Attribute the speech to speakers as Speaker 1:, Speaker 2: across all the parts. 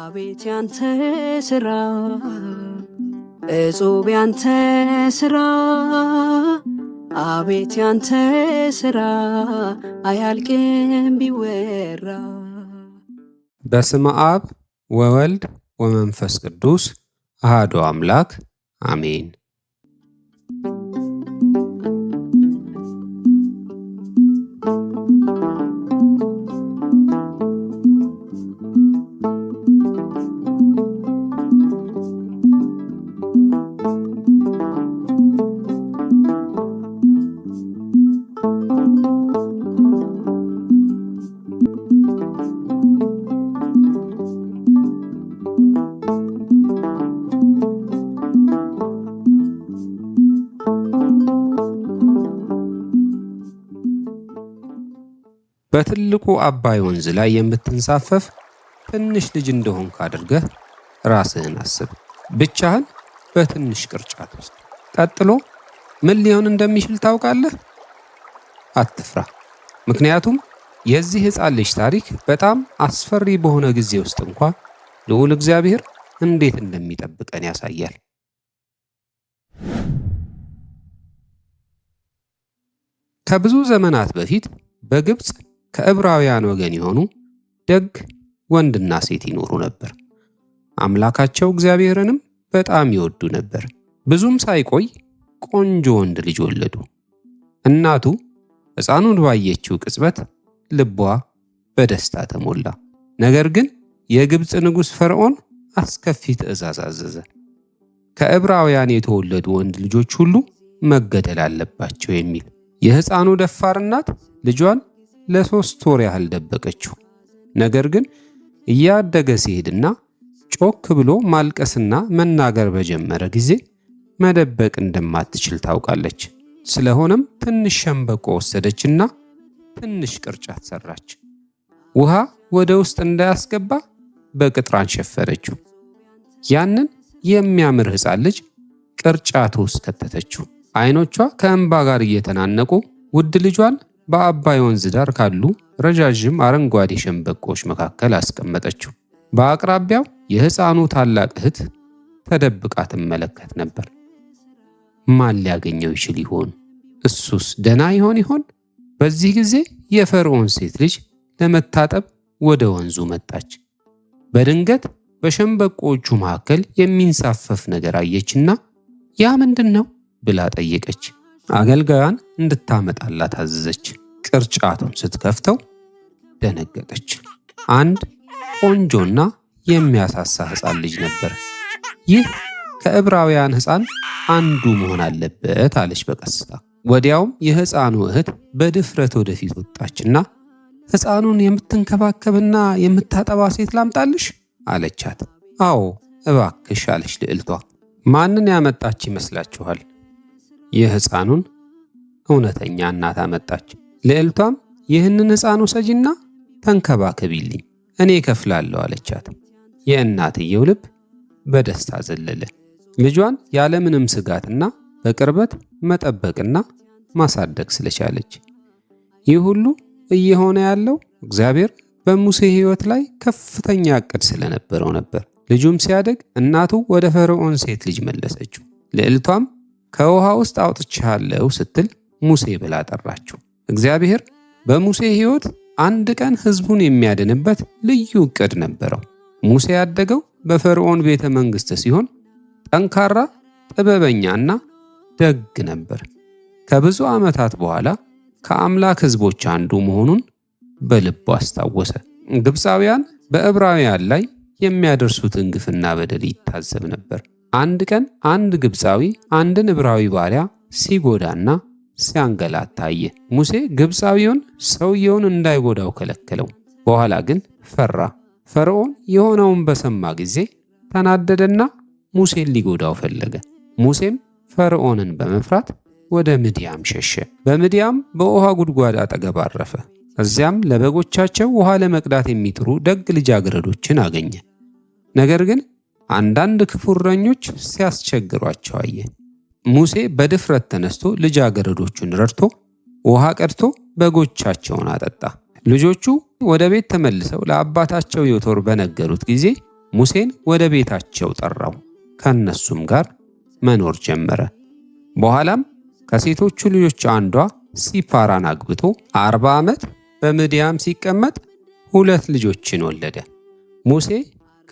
Speaker 1: አቤት ያንተ ስራ እጹብ ያንተ ስራ አቤት ያንተ ስራ አያልቅም ቢወራ።
Speaker 2: በስመ አብ ወወልድ ወመንፈስ ቅዱስ አሃዶ አምላክ አሜን። በትልቁ አባይ ወንዝ ላይ የምትንሳፈፍ ትንሽ ልጅ እንደሆንክ አድርገህ ራስህን አስብ፣ ብቻህን በትንሽ ቅርጫት ውስጥ። ቀጥሎ ምን ሊሆን እንደሚችል ታውቃለህ? አትፍራ፣ ምክንያቱም የዚህ ሕፃን ልጅ ታሪክ በጣም አስፈሪ በሆነ ጊዜ ውስጥ እንኳ ልዑል እግዚአብሔር እንዴት እንደሚጠብቀን ያሳያል። ከብዙ ዘመናት በፊት በግብፅ ከዕብራውያን ወገን የሆኑ ደግ ወንድና ሴት ይኖሩ ነበር። አምላካቸው እግዚአብሔርንም በጣም ይወዱ ነበር። ብዙም ሳይቆይ ቆንጆ ወንድ ልጅ ወለዱ። እናቱ ሕፃኑን ባየችው ቅጽበት ልቧ በደስታ ተሞላ። ነገር ግን የግብፅ ንጉሥ ፈርዖን አስከፊ ትእዛዝ አዘዘ። ከዕብራውያን የተወለዱ ወንድ ልጆች ሁሉ መገደል አለባቸው የሚል። የሕፃኑ ደፋር እናት ልጇን ለሶስት ወር ያህል ደበቀችው። ነገር ግን እያደገ ሲሄድና ጮክ ብሎ ማልቀስና መናገር በጀመረ ጊዜ መደበቅ እንደማትችል ታውቃለች። ስለሆነም ትንሽ ሸንበቆ ወሰደችና ትንሽ ቅርጫት ሰራች። ውሃ ወደ ውስጥ እንዳያስገባ በቅጥራን ሸፈረችው። ያንን የሚያምር ሕፃን ልጅ ቅርጫቱ ውስጥ ከተተችው። አይኖቿ ከእንባ ጋር እየተናነቁ ውድ ልጇን በአባይ ወንዝ ዳር ካሉ ረዣዥም አረንጓዴ ሸንበቆዎች መካከል አስቀመጠችው። በአቅራቢያው የሕፃኑ ታላቅ እህት ተደብቃ ትመለከት ነበር። ማን ሊያገኘው ይችል ይሆን? እሱስ ደና ይሆን ይሆን? በዚህ ጊዜ የፈርዖን ሴት ልጅ ለመታጠብ ወደ ወንዙ መጣች። በድንገት በሸንበቆዎቹ መካከል የሚንሳፈፍ ነገር አየችና ያ ምንድን ነው ብላ ጠየቀች። አገልጋዩን እንድታመጣላት አዘዘች። ቅርጫቱን ስትከፍተው ደነገጠች። አንድ ቆንጆና የሚያሳሳ ሕፃን ልጅ ነበር። ይህ ከዕብራውያን ሕፃን አንዱ መሆን አለበት አለች በቀስታ። ወዲያውም የሕፃኑ እህት በድፍረት ወደፊት ወጣችና ሕፃኑን የምትንከባከብና የምታጠባ ሴት ላምጣልሽ አለቻት። አዎ እባክሽ አለች ልዕልቷ። ማንን ያመጣች ይመስላችኋል? የሕፃኑን እውነተኛ እናት አመጣች። ልዕልቷም ይህንን ሕፃን ውሰጂና ተንከባከቢልኝ እኔ እከፍላለሁ አለቻት። የእናትየው ልብ በደስታ ዘለለ። ልጇን ያለምንም ስጋትና በቅርበት መጠበቅና ማሳደግ ስለቻለች። ይህ ሁሉ እየሆነ ያለው እግዚአብሔር በሙሴ ሕይወት ላይ ከፍተኛ እቅድ ስለነበረው ነበር። ልጁም ሲያደግ እናቱ ወደ ፈርዖን ሴት ልጅ መለሰችው። ልዕልቷም ከውሃ ውስጥ አውጥቻለሁ ስትል ሙሴ ብላ ጠራችው። እግዚአብሔር በሙሴ ሕይወት አንድ ቀን ሕዝቡን የሚያድንበት ልዩ ዕቅድ ነበረው። ሙሴ ያደገው በፈርዖን ቤተ መንግሥት ሲሆን ጠንካራ፣ ጥበበኛና ደግ ነበር። ከብዙ ዓመታት በኋላ ከአምላክ ሕዝቦች አንዱ መሆኑን በልቡ አስታወሰ። ግብፃውያን በዕብራውያን ላይ የሚያደርሱትን ግፍና በደል ይታዘብ ነበር። አንድ ቀን አንድ ግብፃዊ አንድን ዕብራዊ ባሪያ ሲጎዳና ሲያንገላታ አየ። ሙሴ ግብፃዊውን ሰውየውን እንዳይጎዳው ከለከለው። በኋላ ግን ፈራ። ፈርዖን የሆነውን በሰማ ጊዜ ተናደደና ሙሴን ሊጎዳው ፈለገ። ሙሴም ፈርዖንን በመፍራት ወደ ምድያም ሸሸ። በምድያም በውሃ ጉድጓድ አጠገብ አረፈ። እዚያም ለበጎቻቸው ውሃ ለመቅዳት የሚጥሩ ደግ ልጃገረዶችን አገኘ። ነገር ግን አንዳንድ ክፉ እረኞች ሲያስቸግሯቸው አየ። ሙሴ በድፍረት ተነስቶ ልጃገረዶቹን ረድቶ ውሃ ቀድቶ በጎቻቸውን አጠጣ። ልጆቹ ወደ ቤት ተመልሰው ለአባታቸው ዮቶር በነገሩት ጊዜ ሙሴን ወደ ቤታቸው ጠራው። ከነሱም ጋር መኖር ጀመረ። በኋላም ከሴቶቹ ልጆች አንዷ ሲፓራን አግብቶ አርባ ዓመት በምድያም ሲቀመጥ ሁለት ልጆችን ወለደ። ሙሴ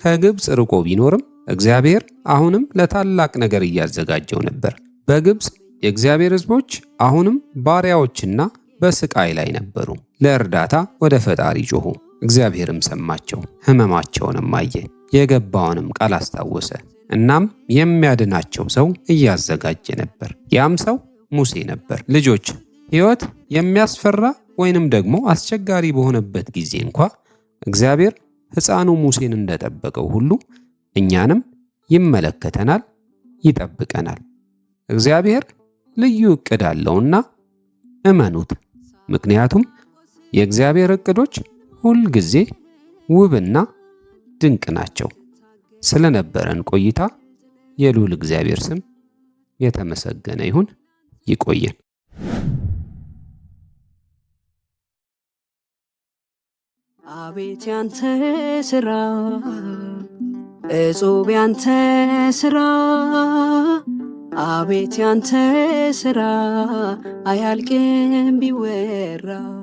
Speaker 2: ከግብፅ ርቆ ቢኖርም እግዚአብሔር አሁንም ለታላቅ ነገር እያዘጋጀው ነበር። በግብፅ የእግዚአብሔር ሕዝቦች አሁንም ባሪያዎችና በስቃይ ላይ ነበሩ። ለእርዳታ ወደ ፈጣሪ ጮኹ። እግዚአብሔርም ሰማቸው፣ ሕመማቸውንም አየ፣ የገባውንም ቃል አስታወሰ። እናም የሚያድናቸው ሰው እያዘጋጀ ነበር። ያም ሰው ሙሴ ነበር። ልጆች ሕይወት የሚያስፈራ ወይንም ደግሞ አስቸጋሪ በሆነበት ጊዜ እንኳ እግዚአብሔር ሕፃኑ ሙሴን እንደጠበቀው ሁሉ እኛንም ይመለከተናል፣ ይጠብቀናል። እግዚአብሔር ልዩ እቅድ አለውና እመኑት። ምክንያቱም የእግዚአብሔር እቅዶች ሁልጊዜ ውብና ድንቅ ናቸው። ስለነበረን ቆይታ የልዑል እግዚአብሔር ስም የተመሰገነ ይሁን። ይቆየን። አቤት ያንተ ስራ እጹብ ያንተ ስራ አቤት ያንተ ስራ አያልቅም ቢወራ